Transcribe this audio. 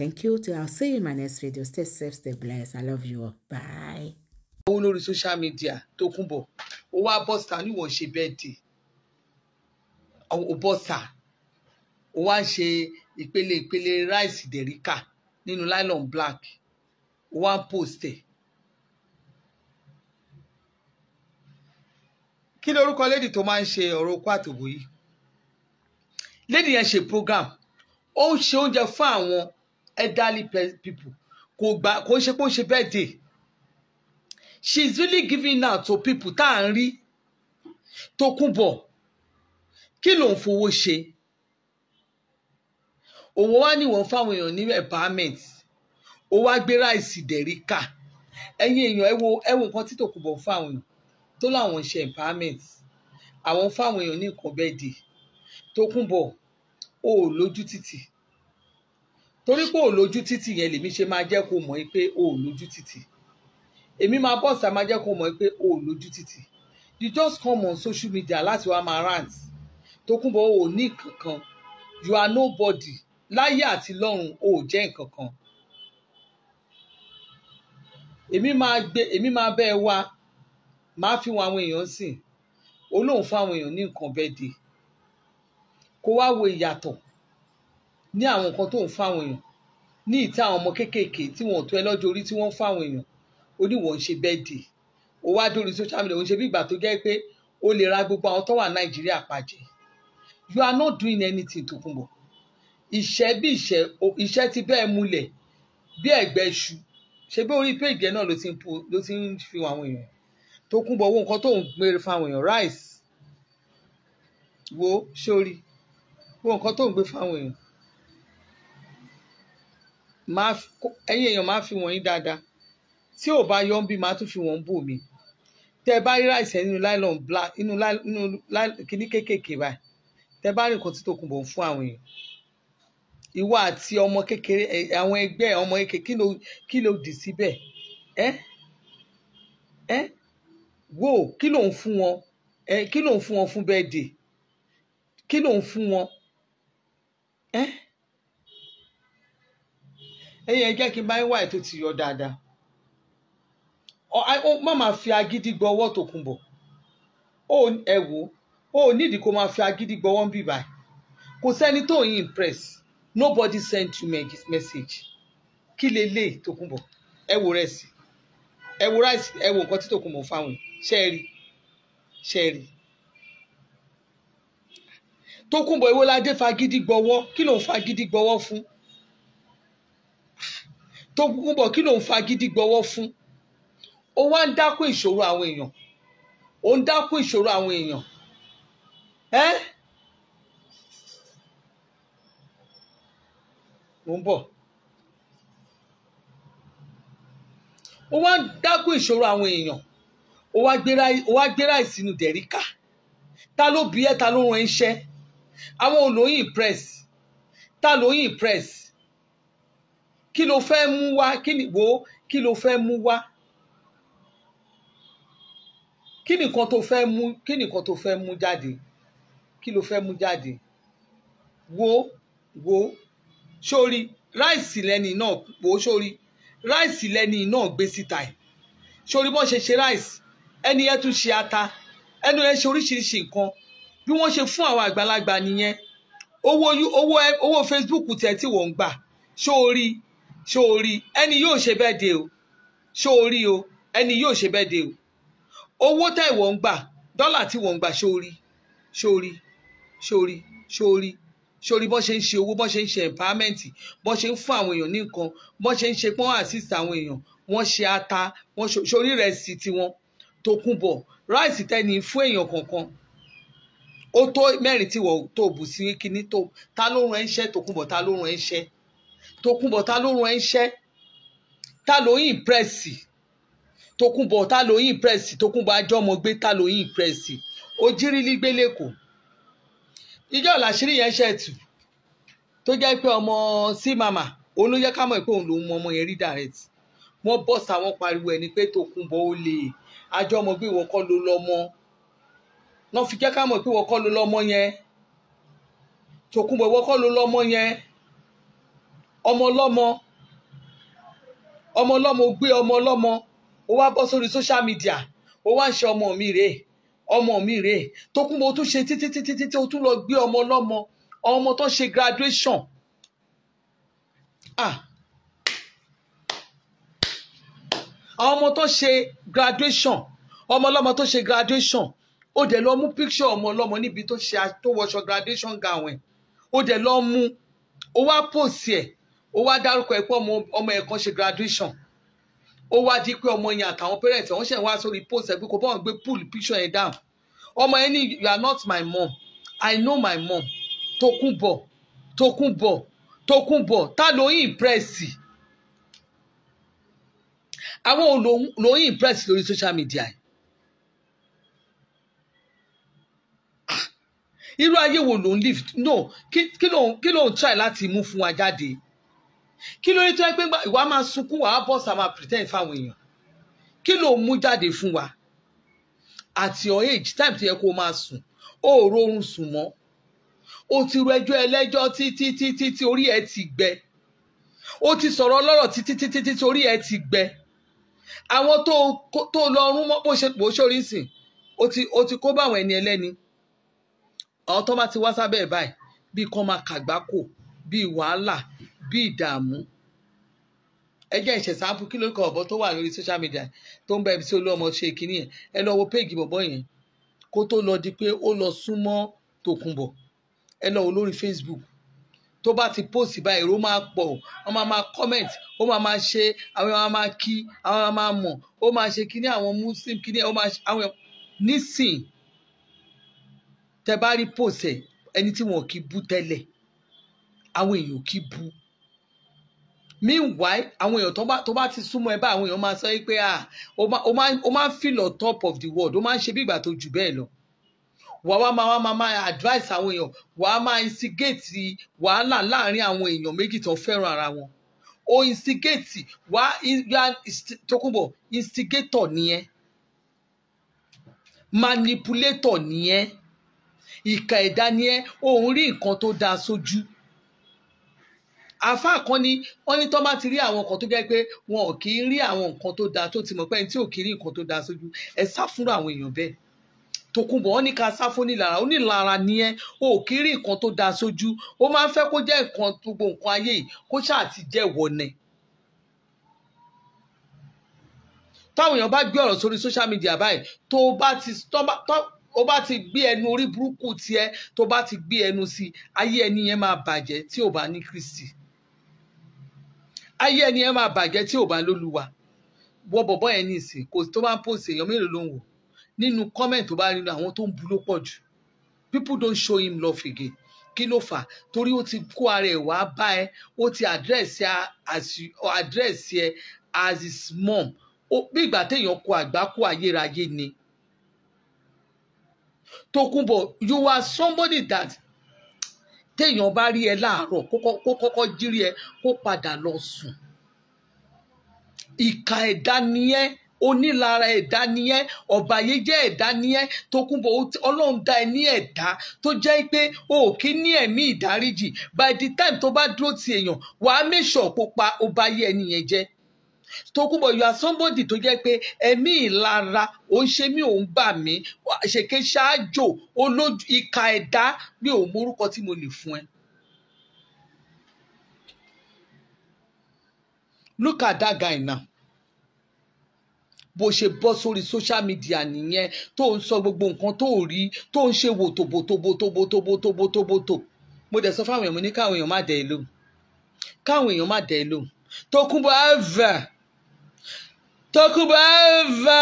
Thank you. Till I'll see you in my next video. Stay safe, stay blessed. I love you all. Bye. Owó lórí social media tó kún bọ̀, ó wá bọ́ sá ní wọ́n ṣe bẹ́ẹ̀dì. Ó bọ́ sá, ó wá ń ṣe ìpele ìpele ráìsì dẹ̀ríkà nínú nylon black. Ó wá ń post ẹ̀. Kí lorúkọ lédì tó máa ń ṣe ọ̀rọ̀ okó àtòbò yìí? Lédì yẹn ṣe program, ó ń ṣe oúnjẹ fún àwọn elderly people kò gbà kò ṣe pé ó ṣe birthday she is really giving out to people tá à ń rí tó kún bọ̀ kí ló ń fowó ṣe òwò wá ní wọ́n fáwọn èèyàn ní empowerment ó wá gbé ráìsì dẹ̀rí kà ẹ̀yin èèyàn ẹ wo ẹ nǹkan tí tó kún bọ̀ fáwọn èèyàn tó láwọn ṣe empowerment àwọn fáwọn èèyàn ní nǹkan bẹ́ẹ̀ dé tó kún bọ̀ ó lójú títì torí pé ò lójú títì yẹn lèmi ṣe máa jẹ́ kó mọ̀ pé ò lójú títì èmi máa bọ́ọ̀sì máa jẹ́ kó mọ̀ pé ò títì you just come on social media láti wá máa rant Tókunbọ̀ ò ní kankan you are nobody láyé àti lọ́run ò jẹ́ nǹkan kan èmi máa gbé èmi máa bẹ́ẹ̀ wá máa fi wọn àwọn èèyàn sìn olóhùn fún àwọn èèyàn ní nǹkan bẹ́ẹ̀ de kó wá wo ìyàtọ̀ ní àwọn nǹkan tó ń fáwọn èèyàn ní ìta àwọn ọmọ kéékèèké tí wọn ò tó ẹ lọ́jọ́ orí tí wọ́n ń fáwọn èèyàn ó ní wọ́n ń ṣe bẹ́ẹ̀dì ó wá dórí social media ó ń ṣe bí ìgbà tó jẹ́ pé ó lè ra gbogbo àwọn tó wà Nàìjíríà pàjẹ́ you are not doing anything Tòkunbọ̀ ìṣẹ́ bí ìṣẹ́ ìṣẹ́ ti bẹ́ẹ̀ múlẹ̀ bí ẹ̀gbẹ́ iṣu ṣe bí orí péjì náà ló ti ń fi àwọn èèyàn Tòkunbọ̀ owó nǹkan tó ń gbére fáwọn èèyàn rice wo sórí owó nǹkan tó ń gbé fáwọn èèyàn ẹ̀yin èèyàn máa fi wọ̀nyí dáadáa tí ò bá yọ ń bí máa tún fi wọ́n bò mí tẹ bá rí ráìsì nínú láìlọ́n bla inú kíní kéékèèké báyìí tẹ bá rí nǹkan tí Tòkunbọ̀ ń fún àwọn èèyàn ìwọ àti ọmọ kékeré àwọn ẹgbẹ́ ọmọ kékeré kí ló kí ló dì síbẹ̀ ẹ ẹ wo kí ló ń fún wọn ẹ kí ló ń fún wọn fún bẹ́ẹ̀dì kí ló ń fún wọn ẹ. Eh? ẹ̀yin ẹ jẹ́ kí n bá ń wà ètò ti yọ dáadáa má máa fi agídí gbọ́ ọwọ́ tó kún bọ̀ ẹ wò ó nídìí kó máa fi agídí gbọ́ ọwọ́ ń bì báyìí kò sẹ́ni tó yín impress nobody sent you message kí lè lè tó kún bọ̀ ẹ wò rẹ̀ sí ẹ wò ráìsì ẹ wò nǹkan tí tó kún bọ̀ fáwọn ṣe é rí ṣe é rí tó kún bọ̀ ewé ládé fagídí gbọ́wọ́ kí ló ń fagídí gbọ́wọ́ fún tó kúkú bọ̀ kí ló ń fagídí gbọ́wọ́ fún ó wá ń dákún ìṣòro àwọn èèyàn ó ń dákún ìṣòro àwọn èèyàn ẹ́ mo ń bọ̀ ó wá ń dákún ìṣòro àwọn èèyàn ó wá gbéra ìsinú dẹ̀ríkà ta ló bí ẹ ta ló ran iṣẹ́ àwọn olóyìn press ta lóyìn press kí ló fẹ́ mú wá kí ni wo kí ló fẹ́ mú wá kí nìkan tó fẹ́ mú kí nìkan tó fẹ́ mú jáde kí ló fẹ́ mú jáde wo wo sórí ráìsì lẹ́ni náà wo sórí ráìsì lẹ́ni náà gbé síta ẹ̀ sórí bọ́n ṣe ṣe ráìsì ẹni yẹn tún ṣe ata ẹnu yẹn ṣe oríṣiríṣi nǹkan bí wọ́n ṣe fún àwọn àgbàlagbà nìyẹn owó Facebook tiẹ̀ tí wọ́n ń gbà sórí ṣó o rí ẹni yóò ṣe bẹ́ẹ̀ de o ṣó o rí o ẹni yóò ṣe bẹ́ẹ̀ de o owó tẹ̀ wọ́n ń gbà dọ́là tí wọ́n ń gbà ṣó o rí ṣó o rí ṣó o rí ṣó o rí sórí bọ́n ṣe ń ṣe owó bọ́n ṣe ń ṣe empowerment bọ́n ṣe ń fún àwọn èèyàn ní nǹkan bọ́n ṣe ń ṣe pọ́n assist àwọn èèyàn wọ́n ṣe ata wọ́n sórí rẹ̀ sí tiwọn tó kún bọ̀ ráìsì tẹ́ni fún èèyàn kọ̀ọ̀kan ó tó mẹ́rin tí wọ́n tó bù sí kínní tó ta ló rún ẹ́ ń ṣẹ́ tó kún bọ̀ ta ló rún ẹ́ ń ṣẹ́ Tòkunbọ̀ ta ló rán ẹ́ ń ṣẹ́ ta ló yín ìpírẹ́sì Tòkunbọ̀ ta ló yín ìpírẹ́sì Tòkunbọ̀ ajọ́mọgbé ta ló yín ìpírẹ́sì ojírílí gbéléko ìjọ làṣírí yẹn ṣẹ̀tù tó jẹ́ pé ọmọ sí màmá òun ló yẹ ká mọ̀ pé òun lòún mọ ọmọ yẹn rí direct wọ́n bọ́ sáwọn pariwo ẹ̀ ní pé Tòkunbọ̀ ó lè ajọ́mọgbé ìwọ kọ́ ló lọ́mọ wọ́n fi jẹ́ ká mọ̀ pé ìwọ kọ́ ló lọ́mọ yẹn Tòkunbọ̀ ìwọ kọ́ ló lọ́mọ yẹn ọmọ ọlọ́mọ ọmọ ọlọ́mọ gbé ọmọ ọlọ́mọ ó wá bọ́ sórí social media ó wá ń ṣe ọmọ mi rèé ọmọ mi rèé tó kún mo tún ṣe títí títí títí o tún lọ gbé ọmọ ọlọ́mọ ọmọ tó ṣe graduation ah àwọn ọmọ tó ṣe graduation ọmọ ọlọ́mọ tó ṣe graduation ó dẹ̀ lọ mú picture ọmọ ọlọ́mọ níbi tó ṣe tó graduation gown ẹ̀ ó dẹ̀ lọ mú ó wá pòsì ẹ̀ ó wá dárúkọ ẹ pé ọmọ ẹ kan ṣe graduation ó wá di pé ọmọ yẹn àtàwọn parents wọn ṣẹ̀ wá sórí post ẹ pé kò báwọn gbé pull picture yẹn down ọmọ yẹn ní you are not my mom I know my mom Tókunbọ̀ Tókunbọ̀ Tókunbọ̀ ta ló ń ìmpírẹ́sì àwọn ló ń ìmpírẹ́sì lórí social media yìí ah, irú ayé wo ló ń live no kí ló ń try láti mú fún wa jáde kí ló dé tó yẹ pé ìwà máa sunkún wàá bọ̀ sá pretend fáwọn èèyàn kí ló mú jáde fún wa at your age time tó yẹ kó máa sùn ó rọrùn sùn mọ́ ó ti ro ẹjọ́ ẹlẹ́jọ́ títí títí tí orí ẹ ti gbẹ ó ti sọ̀rọ̀ ọlọ́rọ̀ títí títí tí orí ẹ ti gbẹ àwọn tó lọ rún mọ́ bó ṣe pò ó ṣòrí sìn ó ti kó báwọn ẹni ẹlẹ́ni àwọn tó bá ti wá sábẹ́ ẹ̀ báyìí bí kò máa kàgbákò bíi wàhálà bíi ìdààmú ẹ jẹ́ ìṣẹ̀sáàpù kí ló kọ ọ̀bọ tó wà lórí social media tó ń bá ibi tí olúọmọ ṣe kínní yẹn ẹ lọ wo péègì bọ̀bọ̀ yẹn kó tó lọ di pé ó lọ súnmọ́ tòkunbọ̀ ẹ lọ wo lórí Facebook tó bá ti post báyìí ó máa pọ̀ wọ́n máa máa comment ó máa máa ṣe àwọn máa máa kí àwọn máa máa mọ̀ ó máa ṣe kínní àwọn Muslim kínní ó máa ṣe àwọn nísìn tẹ bá rí post ẹni tí wọn kì í bú tẹ́lẹ̀ àwọn èèyàn ò kí bu meanwhile àwọn èèyàn tó bá ti súnmọ́ ẹ bá àwọn èèyàn máa sọ pé ó ah, máa ń feel on top of the world ó máa ń ṣe bí ìgbà tó jù bẹ́ẹ̀ lọ wà wá máa máa máa advice àwọn èèyàn wà á máa instigate wàhálà láàrin àwọn èèyàn méjì tó fẹ́ràn ara wọn o instigate wà á Tókunbọ̀ instigator nìyẹn manipulator nìyẹn ìkà ẹ̀dá nìyẹn òun rí nǹkan tó dáa sójú. So àáfàá kan ni wọ́n ní tó bá ti rí àwọn nǹkan tó jẹ́ pé wọn ò kì í rí àwọn nǹkan tó dáa tó ti mọ̀ pé ẹni tí ò kì í rí nǹkan tó dáa sójú ẹ sá fúnra àwọn èèyàn bẹ́ẹ̀ tòkunbọ̀ wọn ní ká sá fún nílara onílara nìyẹn o ò kì í rí nǹkan tó dáa sójú ó máa ń fẹ́ kó jẹ́ nǹkan tó gbogbo nǹkan ayé yìí kó ṣáà ti jẹ́ wọ̀nẹ̀. táwọn èèyàn bá gbé ọ̀rọ̀ sórí social media báyìí tó bá ti ó bá ti gbé ẹnu orí burúkú tiẹ̀ tó bá ti gbé ẹnu sí ayé ẹni yẹn máa bàjẹ́ tí ò bá ní Kristi ayé ẹni ẹ máa bàjẹ́ tí ò bá lólúwa wọ bọ̀bọ̀ ẹ̀ ní ìsìn kò tó bá ń pòsè èèyàn mélòó ló ń wò nínú comment tó bá rí nu àwọn tó ń bu ló pọ̀ jù people don't show him love again kí ló fà torí ó ti kó ara ẹ̀ wá bá ẹ ó ti àdírẹ́sì ẹ as his mom bí ìgbà téèyàn kó àgbákò ayérayé ni Tokunbo you are somebody that téèyàn bá rí ẹ láàárọ̀ kó kọ́kọ́ jírí ẹ kó padà lọ sùn ìka ẹ̀dá nìyẹn onílara ẹ̀dá nìyẹn ọ̀bàyéjẹ́ ẹ̀dá nìyẹn tó kún bọ̀ ọlọ́run dá ẹ ní ẹ̀dá tó jẹ́ pé o ò kí ní ẹ̀mí ìdáríjì by the time tó bá dúró ti èèyàn wàá mẹ́sọ̀ pò pa ó bá yẹ ẹnìyẹn jẹ́ Tókunbọ̀ you are somebody tó jẹ́ pé ẹ̀mí ìlara ó ń ṣe mí òun gbà mí ṣèké ṣáájò olójú ìka ẹ̀dá mi ò mórúkọ tí mo lè fún ẹ. Look at that guy now bó ṣe bọ́ sórí social media nìyẹn tó ń sọ gbogbo nǹkan tó rí tó ń ṣe wòtòbòtòbòtòbòtòbòtòbòtò mo dẹ̀ sọ fáwọn èèyàn mo ní káwọn èèyàn má dẹ̀ ẹ́ lò káwọn èèyàn má dẹ̀ ẹ́ lò Tókunbọ̀ ever Tokubava.